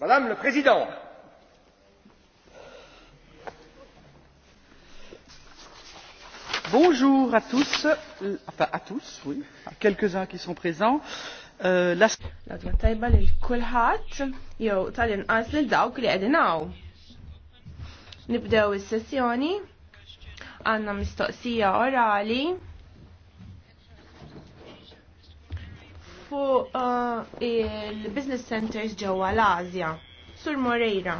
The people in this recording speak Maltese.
Madame le Président, Bonjour à tous, enfin à tous, oui, à quelques-uns qui sont présents. Euh, l tajba li l-kulħat, tal li dawk li għedinaw. Nibdew is-sessjoni, għanna mistoqsija orali. fuq uh, il-business centers ġewwa l-Asja. Sur Moreira.